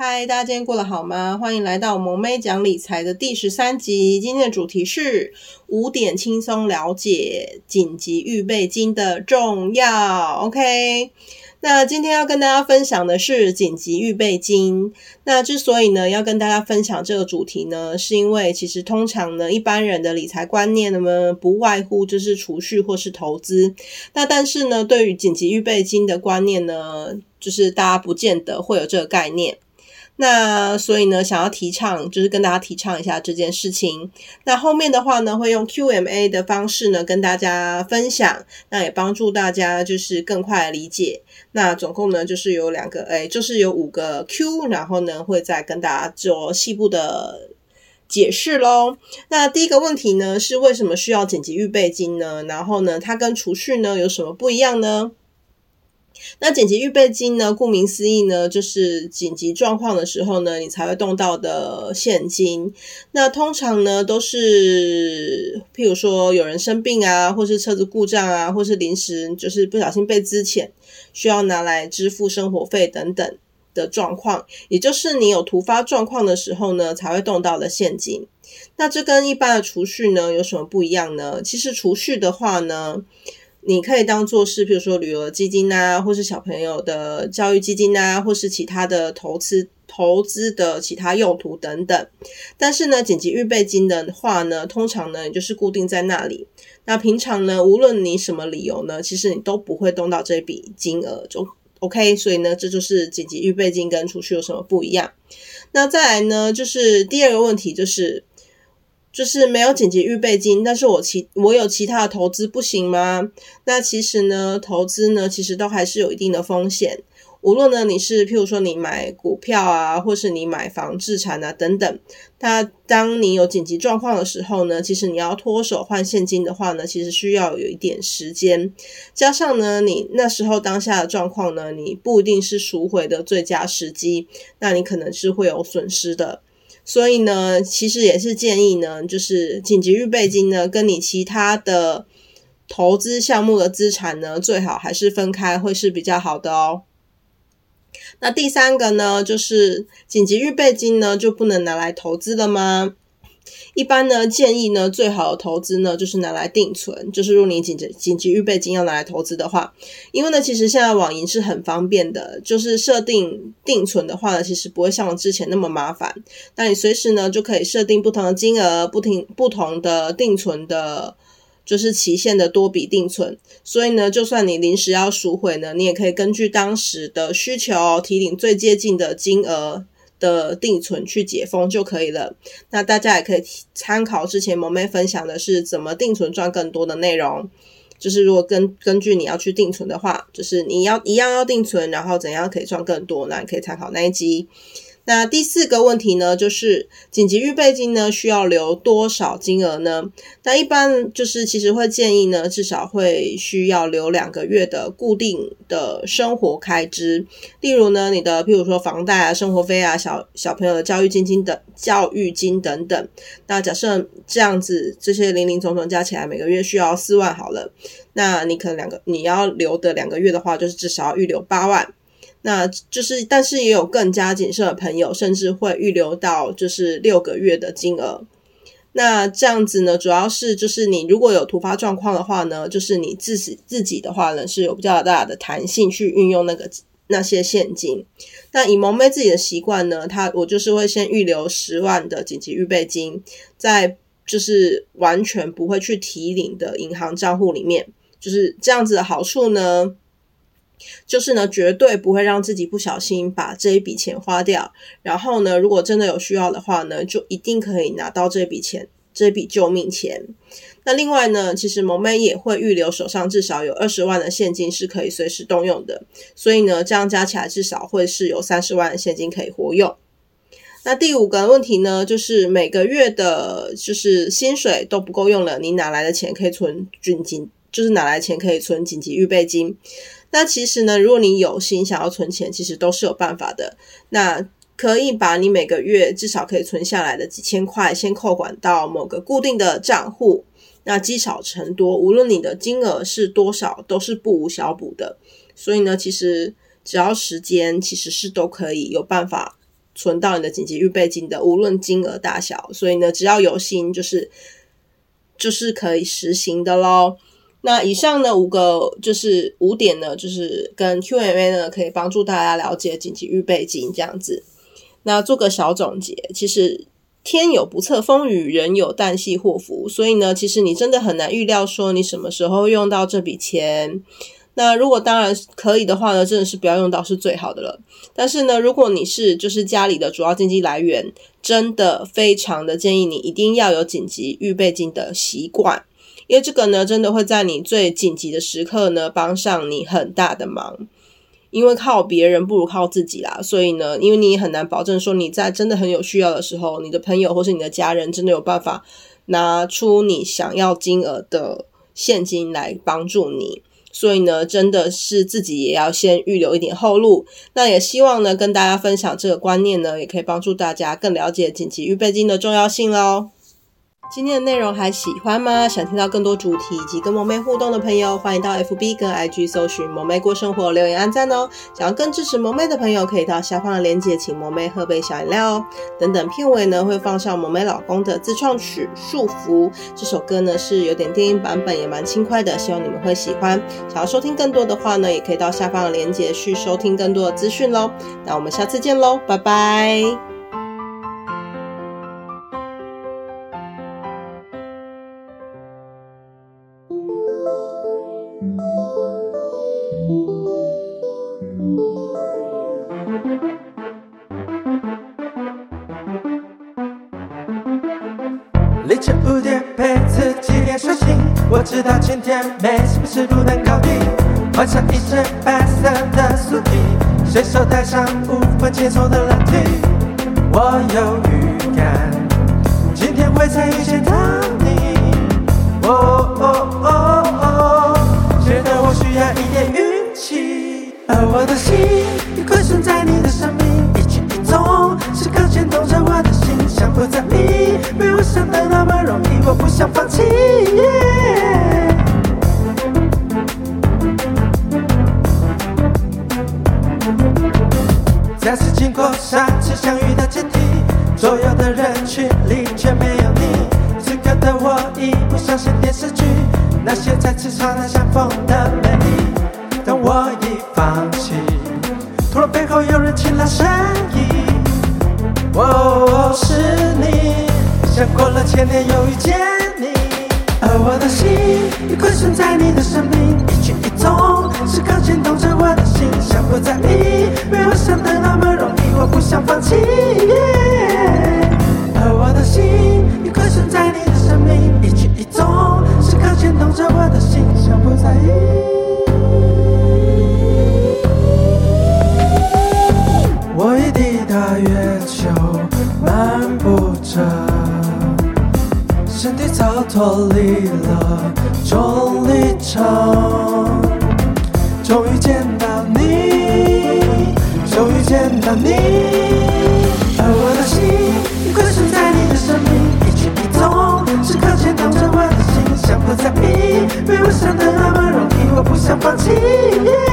嗨，大家今天過得好嗎？歡迎來到萌咩講理財的第十三集。今天的主題是五點輕鬆了解緊急預備金的重要。OK，那今天要跟大家分享的是緊急預備金。那之所以呢要跟大家分享這個主題呢，是因為其實通常呢一般人的理財觀念呢不外乎就是儲蓄或是投資。那但是呢對於緊急預備金的觀念呢，就是大家不見得會有這個概念。那所以呢，想要提倡，就是跟大家提倡一下這件事情。那後面的話呢，會用 QMA 的方式呢跟大家分享，那也幫助大家就是更快的理解。那總共呢就是有兩個 A，、哎、就是有五個 Q，然後呢會再跟大家做細部的解釋嘍。那第一個問題呢是為什麼需要緊急預備金呢？然後呢，它跟儲蓄呢有什麼不一樣呢？那緊急預備金呢，顧名思義呢，就是緊急狀況的時候呢，你才會動到的現金。那通常呢，都是譬如說有人生病啊，或是車子故障啊，或是臨時就是不小心被資遣，需要拿來支付生活費等等的狀況。也就是你有突發狀況的時候呢，才會動到的現金。那這跟一般的儲蓄呢，有什麼不一樣呢？其實儲蓄的話呢，你可以當做是，比如說旅遊基金啊，或是小朋友的教育基金啊，或是其他的投資、投資的其他用途等等。但是呢，緊急預備金的話呢，通常呢，你就是固定在那裡。那平常呢，無論你什麼理由呢，其實你都不會動到這筆金額，就 OK。所以呢，這就是緊急預備金跟儲蓄有什麼不一樣。那再來呢，就是第二個問題就是。就是沒有緊急預備金，但是我其我有其他的投資不行嗎？那其實呢，投資呢，其實都還是有一定的風險。無論呢，你是譬如說你買股票啊，或是你買房置產啊等等，那當你有緊急狀況的時候呢，其實你要脫手換現金的話呢，其實需要有一點時間，加上呢，你那時候當下的狀況呢，你不一定是贖回的最佳時機，那你可能是會有損失的。所以呢，其實也是建議呢，就是緊急預備金呢，跟你其他的投資項目的資產呢，最好還是分開，會是比較好的哦。那第三個呢，就是緊急預備金呢，就不能拿來投資了嗎？一般呢，建議呢，最好的投資呢，就是拿來定存，就是如果你緊急緊急預備金要拿來投資的話，因為呢，其實現在網銀是很方便的，就是設定定存的話呢，其實不會像之前那麼麻煩。那你隨時呢，就可以設定不同的金額，不停不同的定存的，就是期限的多筆定存。所以呢，就算你臨時要贖回呢，你也可以根據當時的需求，哦，提領最接近的金額。的定存去解封就可以了。那大家也可以參考之前萌咩分享的是怎麼定存賺更多的內容。就是如果根根據你要去定存的話，就是你要一樣要定存，然後怎樣可以賺更多，那你可以參考那一集。那第四個問題呢，就是緊急預備金呢，需要留多少金額呢？那一般就是其實會建議呢，至少會需要留兩個月的固定的生活開支，例如呢，你的譬如說房貸啊、生活費啊、小小朋友的教育金金等、教育金等等。那假設這樣子，這些零零總總加起來每個月需要四萬好了，那你可能兩個你要留的兩個月的話，就是至少要預留八萬。那就是，但是也有更加謹慎的朋友，甚至會預留到就是六個月的金額。那這樣子呢，主要是就是你如果有突發狀況的話呢，就是你自己自己的話呢是有比較大的彈性去運用那個那些現金。那以萌咩自己的習慣呢，她我就是會先預留十萬的緊急預備金，在就是完全不會去提領的銀行賬戶裡面。就是這樣子的好處呢。就是呢，絕對不會讓自己不小心把這一筆錢花掉。然後呢，如果真的有需要的話呢，就一定可以拿到這筆錢，這筆救命錢。那另外呢，其實萌咩也會預留手上至少有二十萬的現金是可以隨時動用的。所以呢，這樣加起來至少會是有三十萬的現金可以活用。那第五個問題呢，就是每個月的就是薪水都不夠用了，你哪來的錢可以存軍金？就是哪來的錢可以存緊急預備金？那其實呢，如果你有心想要存錢，其實都是有辦法的。那可以把你每個月至少可以存下來的幾千塊，先扣款到某個固定的賬戶。那積少成多，無論你的金額是多少，都是不無小補的。所以呢，其實只要時間，其實是都可以有辦法存到你的緊急預備金的，無論金額大小。所以呢，只要有心，就是就是可以實行的嘍。那以上呢五個就是五點呢，就是跟 Q&A 呢可以幫助大家了解緊急預備金這樣子。那做個小總結，其實天有不測風雨，人有旦夕禍福，所以呢，其實你真的很難預料說你什麼時候用到這筆錢。那如果當然可以的話呢，真的是不要用到是最好的了。但是呢，如果你是就是家裡的主要經濟來源，真的非常的建議你一定要有緊急預備金的習慣。因為這個呢，真的會在你最緊急的時刻呢，幫上你很大的忙。因為靠別人不如靠自己啦，所以呢，因為你很難保證說你在真的很有需要的時候，你的朋友或是你的家人真的有辦法拿出你想要金額的現金來幫助你。所以呢，真的是自己也要先預留一點後路。那也希望呢，跟大家分享這個觀念呢，也可以幫助大家更了解緊急預備金的重要性嘍。今天的內容還喜歡嗎？想聽到更多主題以及跟萌咩互動的朋友，歡迎到 F B 跟 I G 搜尋“萌咩過生活”，留言、按贊哦！想要更支持萌咩的朋友，可以到下方的鏈接，請萌咩喝杯小飲料哦。等等片尾呢，會放上萌咩老公的自創曲《束縛》，這首歌呢是有點電影版本，也蠻輕快的，希望你們會喜歡。想要收聽更多的話呢，也可以到下方的鏈接去收聽更多的資訊嘍。那我們下次見嘍，拜拜！蝴蝶陪自己練習飛行，我知道今天沒什麼事不能搞定。換上一身白色的素衣，隨手帶上無分切磋的藍提。我有預感，今天會再遇見到你。哦哦哦哦，哦，覺得我需要一點運氣。而我的心已困鎖在你的生命，一舉一動，是否牽動着我的心，想破在意，沒我想的那麼。我不想放棄，yeah。再次經過上次相遇的階梯，左右的人群裡卻沒有你。此刻的我已不相信電視劇，那些再次擦肩相逢的美麗，但我已放棄。突然背後有人輕拉。像過了千年又遇見你，而我的心已困身在你的生命，一舉一動，時刻牽動着我的心。想不在意，沒我想的那麼容易，我不想放棄。Yeah. 脫離了重力場，終於見到你，終於見到你，而我的心困死在你的生命，一舉一動，時刻牽動着我的心，想不在意，沒我想的那麼容易，我不想放棄。